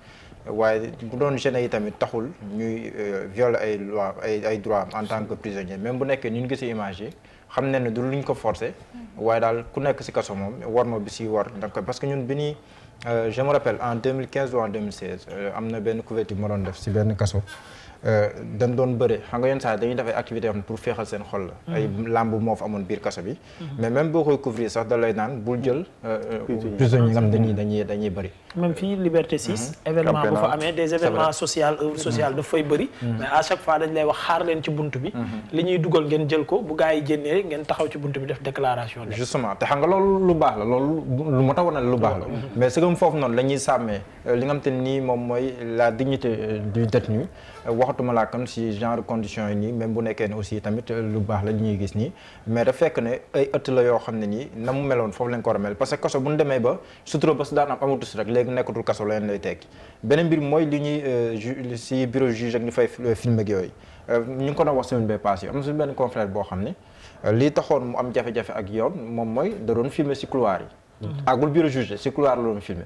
waaye bu doon gêné yi tamit taxul ñuy violer ay loi ay ay droit en tant que même bu nekkee ñu ngi gisee image yi xam ne ne du ñu ko forcé mm-hmm. waaye daal ku nekk si kaso moom war ma bi si war donc parce que ñun bi ñuy euh, je me rappelle en quinze ou en 2016 euh, am na benn couverture ma doon def si benn kaso Euh, dañ doon bëre xam nga yenn saa dañuy def ay activités yoo pour féexal seen xol la. Mm-hmm. ay làmb moo fa amoon biir kaso bi. Mm-hmm. mais même boo koy couvrir sax da lay naan bul jël. Euh, euh, prisonniers ngam dañuy mm-hmm. dañuy dañuy bëri. même fii Liberté 6. événement bu fa amee des événements social œuvre sociale fay bëri. mais à chaque fois dañ lay wax xaar leen ci bunt bi. li dugal ngeen jël ko bu gars yi génnee ngeen taxaw ci bunt bi def déclaration. justement te xam nga loolu lu baax la loolu lu ma na lu baax la. mais su ko la ñuy sàmmee li nga xam te moom mooy la dignité du détenu waxatuma laa kon si genre condition yi nii même bu nekkee ne aussi tamit euh, lu baax la ñuy gis nii mais da fekk ne ay ëtt la yoo xam ne nii na mu meloon foofu lañ ko war a mel parce que kaso bu ñu demee ba sutura ba su daan am amatus rek léegi nekkatul kaso la leen lay tekki beneen mbir mooy li ñuy euh, si euh, ñu ngi ko doon wax semaine bee passé am na suñu benn confrère boo xam ne lii taxoon mu am jafe-jafe ak yoon moom mooy da doon filmer si couloir yi àggul mhm. bureau juge si couloir la doon filmer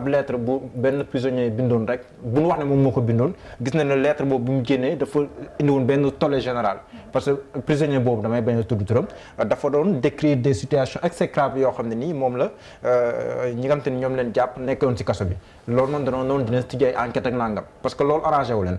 ab lettre bu benn prisonnier bindoon rek bu ñu wax ne moom moo ko bindoon gis na ne lettre boobu bu mu génnee dafa indiwoon benn tollé général parce que prisonnier boobu damay bañ a tudd turam dafa doon décrire des situations exécrables yoo xam ne nii moom la euh, ñi nga ni ñoom leen jàpp nekkoon ci kaso bi loolu noonu danoon noonu dina tijjee enquête ak nangam parce que loolu arrangé wu leen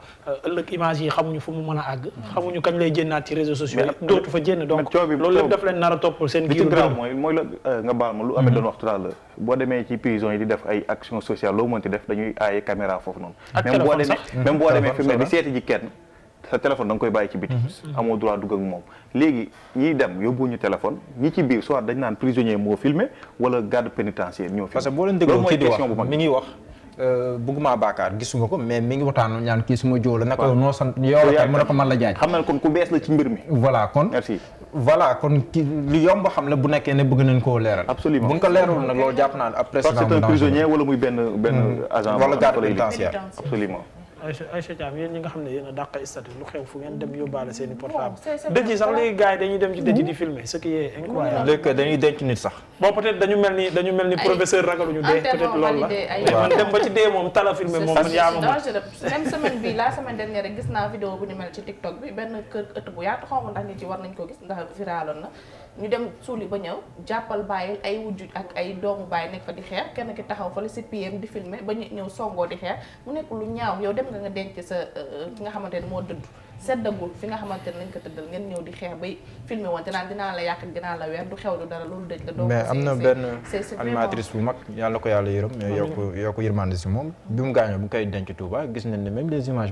Euh, ëllëg image yi xamuñu fu mu mën a àgg. Hmm. xamuñu kañ lay jénnaat ci réseaux sociaux yi. dootu fa jénn donc loolu a toppal seen. kii bi mooy mooy la euh, nga baal ma lu amee hmm. doon wax tout à boo demee ci prison yi di def ay action sociale loo mënti def dañuy aaye caméra foofu noonu. ak téléphone sax hmm. koy bàyyi ci biti amoo droit dugg ak moom léegi ñiy dem yóbbuñu téléphone ñi ci biir soit dañ naan prisonnier moo filmé wala garde pénitentiaire ñoo filmé parce que boo leen dégloo kii di wax mi ngi wax Euh, bëgguma baakaar gisu nga ko mais mi ngi waxtaanu ñaan kii suma joo la naka noo sant yow la mën a ko mën la jaaj xam na kon ku bees la ci mbir mi voilà kon merci voilà kon ki lu yomb xam la bu nekkee ne bëgg nañ koo leeral absolument bu ñu ko leerul nag loolu jàpp naa ne après c'est un prisonnier wala muy benn benn hmm. agent wala garde pénitentiaire absolument Aïcha Aïcha Thiam yéen nga xam ne yéen dàq statut lu xew fu ngeen dem yóbbaale seen i dëj yi sax léegi gars yi dañuy dem ci dëj di mhm. filmer ce qui est incroyable léegi dañuy denc nit sax bon peut dañu mel ni dañu mel ni professeur ragaluñu dee peut être loolu la man dem ba semaine bi la semaine dernière rek gis naa vidéo bu ni mel ci TikTok bi benn kër ëtt bu yaatu xaw ma ndax nit yi war nañ ko gis ndax viraloon na ñu dem suuli ba ñëw jàppal bàyyil ay wujju ak ay doomu bàyyi nekk fa di xeex kenn ki taxaw fa la si PM di filmer ba ñu ñëw songoo di xeex mu nekk lu ñaaw yow dem nga nga denc sa euh, ki nga xamante ne moo dëdd seddagul fi nga xamante ne lañ ko tëddal ngeen ñëw di xeex bay filmer woon dinaa dinaa la yàq dinaa la weer du xew du dara loolu dëj la doo mais am na benn animatrice bu mag yàlla ko yàlla yërëm mais yokk yokk yërmande si moom bi mu gaañoo bu koy denc gis nañ ne même les images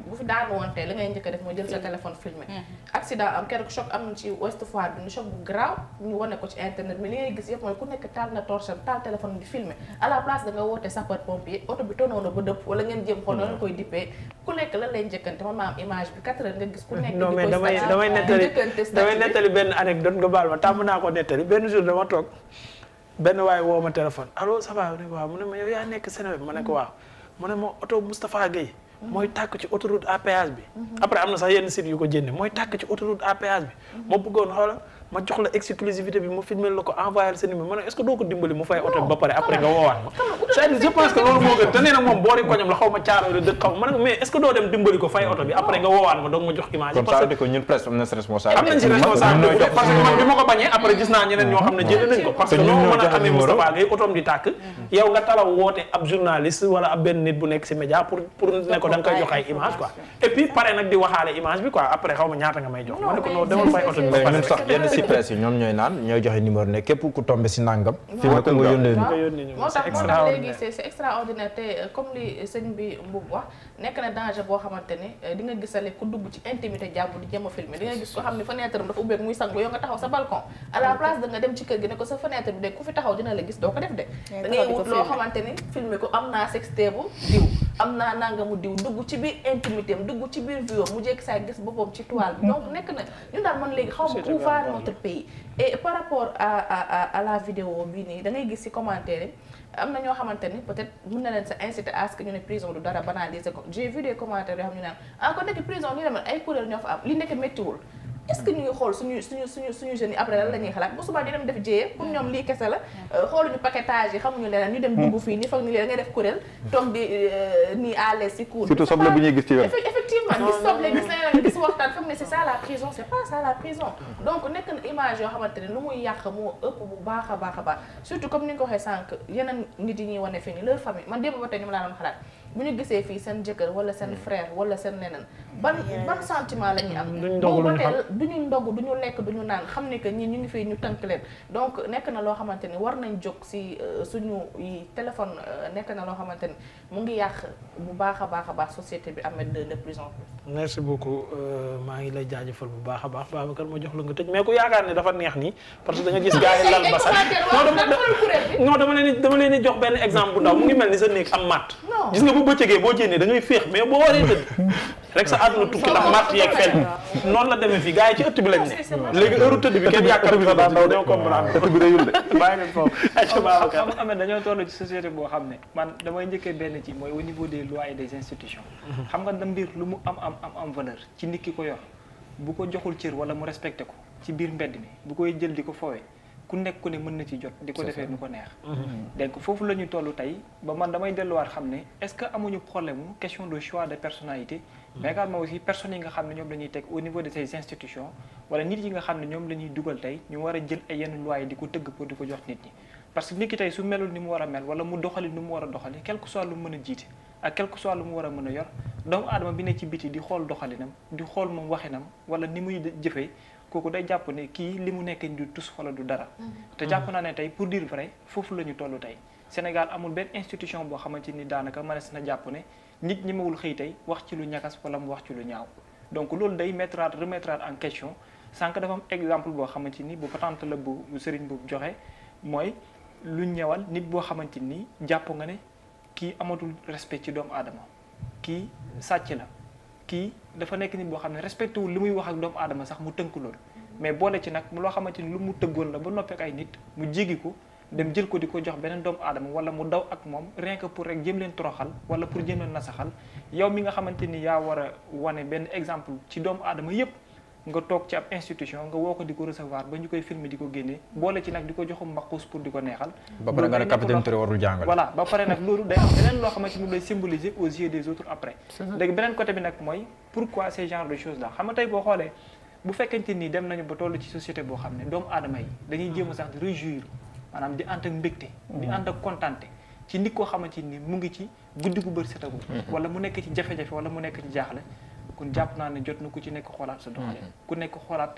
bu fi daanu woon tey li ngay njëkk a def mooy jël sa téléphone filmé mm-hmm. accident am keroog choc am na ci Ouest Foire bi ni choc bu grave ñu wane ko ci internet mais li ngay gis yëpp mooy ku nekk taal na torche taal téléphone bi filmé à la place da nga woote sapeur pompier oto bi tonoon na ba dëpp wala ngeen jéem xool lan mm-hmm. koy dippee ku nekk lan lay njëkkante man maa am image bi 4 heures nga gis ku nekk non mais damay damay nettali damay nettali benn anecdote nga baal ma tàmm naa ko nettali benn jour dama toog benn waaye woo ma téléphone allo ça va waaw mu ne ma yow yaa nekk Sénégal ma ne ko waaw mm-hmm. mu oto mooy tàkk ci autoroute à péage bi. après am na sax yenn site yu ko jëndee mooy tàkk ci autoroute à péage bi. moo bëggoon xoolal ma jox la exclusivité bi ma filmé la ko envoyé sa numéro ma ne est doo ko dimbali mu fay oto bi ba pare après nga woowaat ma c'est-à-dire je pense que loolu moo gën te nee xaw ma caaro la dëkk xaw ma mais est-ce fay oto bi après nga woowaat ma donc image bi ma après gis naa ñeneen mm. mm. nga talaw woote ab ne ko da nga koy jox ay pare nag di waxaale image bi quoi après xaw ma ñaata nga may jox ma ne ko non fay oto bi ci ñoom ñooy naan ñooy joxe numéro ne képp ku tombé si nangam. fi mu ko nga yónnee ñu. moo tax moo tax léegi c' est extraordinaire te euh, comme li sëñ bi Mboub wax nekk na danger boo xamante ne euh, di nga gisale ku dugg ci intimité jàmm di a gis ko xam ne fenêtre am dafa ubbeeku muy sangu yow nga taxaw sa balcon à la place da dem ci kër gi ne ko sa fenêtre bi de ku fi taxaw dina la gis doo ko def de da ngay wut loo xamante ni filmer ko am naa sextape bu diw am naa mu diw dugg ci biir intimité am ci biir vie mu jekk saa gis boppam ci toile bi donc nekk na ñun daal man léegi xaw ma où va notre pays et par rapport à à à la vidéo bii nii da gis ci commentaire am na ñoo xamante ni peut-être mën na leen sa inciter à que ñu ne prison du dara banaliser ko j'ai vu des commentaires yoo xam ñu naan ah kon nekk prison li demal ay kuréel ñoo fa am li nekk méttiwul est ce que ñu ngi xool suñu suñu suñu suñu jeunes yi après lan la ñuy xalaat bu subaa ñu dem def jéyee pour ñoom lii kese la euh, xooluñu paquetage yi xamuñu leneen ñu dem dugg fii ni foog ni leen da ngay def kuréel toog di euh, nii à l'aise si cour surtout soble bi ñuy gis ci wér effectivement gis soble gis leneen gis waxtaan foog ne c'est ça la prison c'est pas ça la prison donc nekk na image yoo xamante ne lu muy yàq moo ëpp bu baax a baax a baax surtout comme ni nga ko waxee sànq yeneen nit yi ñuy wane fii ni leur famille man démb ba tey ni ma laa doon xalaat bu ñu gisee fii seen jëkkër wala seen frère wala seen neneen ban ban sentiment la ñuy am boo watee du ñu ndog du ñu lekk du ñu naan xam ne que ñi ñu ngi fii ñu tënk leen donc nekk na loo xamante ni war nañ jóg si suñu téléphone nekk na loo xamante ni mu ngi yàq bu baax a baax a baax société bi am de de plus en plus merci beaucoup maa ngi lay jaajëfal bu baax a baax Babacar ma jox la nga tëj mais ku yaakaar ne dafa neex nii parce que da nga gis gars yi lal basal non dama leen dama leen di jox benn exemple bu ndaw mel ni sa néeg am matt gis bu bëccëgee boo génnee da ngay féex mais boo waree tëdd rek sa àdduna tukki ndax màtt yeeg fenn noonu la demee fii gaa yi ci ëtt bi lañ ne léegi heure tëdd bi kenn yàkkar bi fa daan daw dañoo comprendre ëtt bi day <laughs> <laughs> dañoo toll ci société boo xam ne man damay njëkkee benn ci mooy au niveau des lois et des institutions mhm. xam nga da mbir lu mu am am am am valeur ci nit ki ko yor bu ko joxul cër wala mu respecté ko ci biir mbedd mi bu koy jël di ko fowee ku nekk ku ne mën na ci jot di ko defee nu ko neex mhm. donc foofu la ñu toll tey ba man damay delluwaat xam ne est-ce que amuñu problème question de choix de personnalité mhm. mais également aussi personnes yi nga xam ne ñoom la ñuy teg au niveau de ces institutions wala nit yi nga xam ne ñoom la ñuy dugal tey ñu war a jël ay yenn lois yi di ko tëgg pour di ko jox nit ñi parce que nit ki tey su melul ni mu war a mel wala mu doxali ni mu war a doxali quel que lu mu mën a a a yor doomu bi ne ci biti di xool doxalinam di xool moom waxinam wala ni muy kooku day jàpp ne kii li mu nekk du tus wala du dara. Mm-hmm. te jàpp naa ne tey pour dire vrai foofu la ñu toll tey Sénégal amul benn institution boo xamante ni daanaka mënees na jàpp ne nit ñi mawul xëy tey wax ci lu ñakas wala mu wax ci lu ñaaw donc loolu day mettre remettre en question sànq dafa am exemple boo xamante ni bu patente la bu sëriñ bu joxe mooy lu ñëwal nit boo xamante ni jàpp nga ne kii amatul respect ci doomu aadama kii sàcc la. kii dafa nekk nit boo xam ne respecté wu li muy wax ak doomu aadama sax mu tënk loolu mais boole ci nag loo xamante ni lu mu tëggoon la ba noppeek ay nit mu jéggi ko dem jël ko di ko jox beneen doomu aadama wala mu daw ak moom rien pour rek jëm leen toroxal wala pour jëm leen nasaxal yow mi nga xamante ni yaa war a wane benn exemple ci doomu aadama yépp nga toog ci ab institution nga woo ko di ko recevoir ba ñu koy filmer di ko génne boole ci nag di ko joxum mbaqus pour di ko neexal ba pare nga ne capitaine Touré warul nag loolu day am beneen loo xamante moom lay symboliser aux yeux des autres après léegi beneen côté bi nag mooy pourquoi ces genre de choses là xam tey boo xoolee bu fekkente nii dem nañu ba toll ci société boo xam ne doomu aadama yi dañuy jéem a sax di réjouir maanaam di ànd ak mbégte di ànd ak kontante ci nit koo xamante ni mu ngi ci guddi gu bër setagul mm-hmm. wala mu nekk ci jafe wala mu nekk ci jaaxle kon jàpp naa ne jot na ku ci nekk xoolaat sa doxalin mm-hmm. ku nekk xoolaat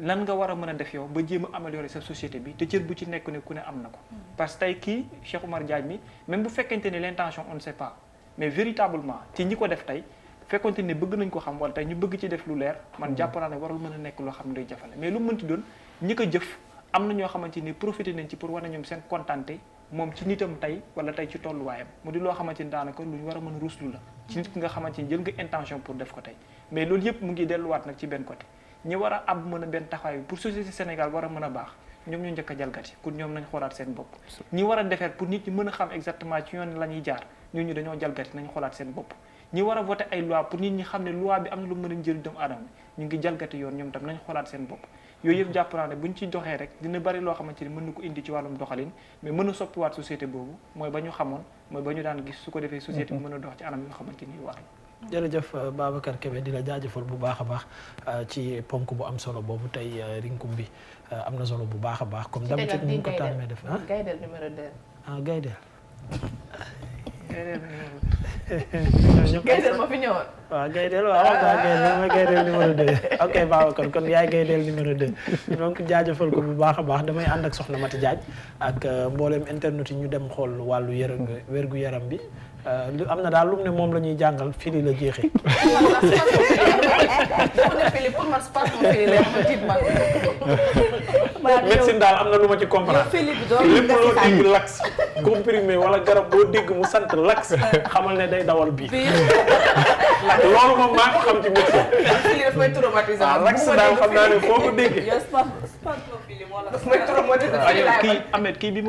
lan nga war a mën a def yow ba jéem a sa société bi te cër bu ci nekk ne ku ne am na ko mm-hmm. parce que tey kii Cheikh Oumar Diagne mi même bu fekkente ne l'intention on ne sait pas mais véritablement ci ñi ko def tey fekkante ni bëgg nañ ko xam wala tey ñu bëgg ci def lu leer man mm-hmm. jàpp naa ne warul mën a nekk loo xam ne day jafale mais lu mënti doon ñi ko jëf am na ñoo xamante ni profité nañ ci pour wane ñoom seen contenté moom ci nitam tey wala tey ci tolluwaayam mu di loo xamante ni daanaka lu ñu war a mën ruslu la ci nit ki nga xamante ni jël nga intention pour def ko tey mais loolu yëpp mu ngi delluwaat nag ci benn côté ñi war a ab mën a benn taxawaay bi pour société Sénégal war a mën a baax ñoom ñu njëkk a jalgati pour ñoom nañ xoolaat seen bopp ñi war a defeer pour nit ñi mën exactement ci yoon la ñuy jaar ñoo ñu dañoo jalgati nañ xoolaat bopp ñi war a voté ay loi pour nit ñi xam ne loi bi am na lu mën a njëriñ doomu aadama ñu ngi jalgati yoon ñoom tam nañ xoolaat seen bopp yooyu yëpp jàpp naa bu ñu ci doxee rek dina bari loo xamante ni mën na ko indi ci wàllum doxalin mais mën a soppiwaat société boobu mooy ba ñu xamoon mooy ba ñu daan gis su ko defee société bi mhm. mën a dox ci anam yoo xamante ni war jërëjëf euh, Babacar Kébé di la jaajëfal bu baax a baax euh, ci ponk bu am solo boobu tey euh, rinkum bi am na solo bu baax a baax comme d'habitude ni ñu ko tàmmee def ah gaydel numéro 2 ah gaydel gaydel moo fi ñëwoon. waaw gaydel waaw waaw gaydel mooy gaydel numéro 2 ok Babacar kon yaay gaydel numéro 2 donc jaajëfal ko bu baax a baax damay ànd ak soxna Mati jaaj ak mboolem internet yi ñu dem xool wàllu yaram wér yaram bi Euh, li am na daal lu ne moom la ñuy jàngal fili la jeexee. <laughs> médecine daal am na lu ma ci comprendre. lépp loo dégg lax comprimé wala garab boo dégg mu sant lax xamal ne day dawal bii. loolu moom maa ko xam ci médecine. fili ah, lax daal xam naa ne foo ko kii Ahmed kii bi mu.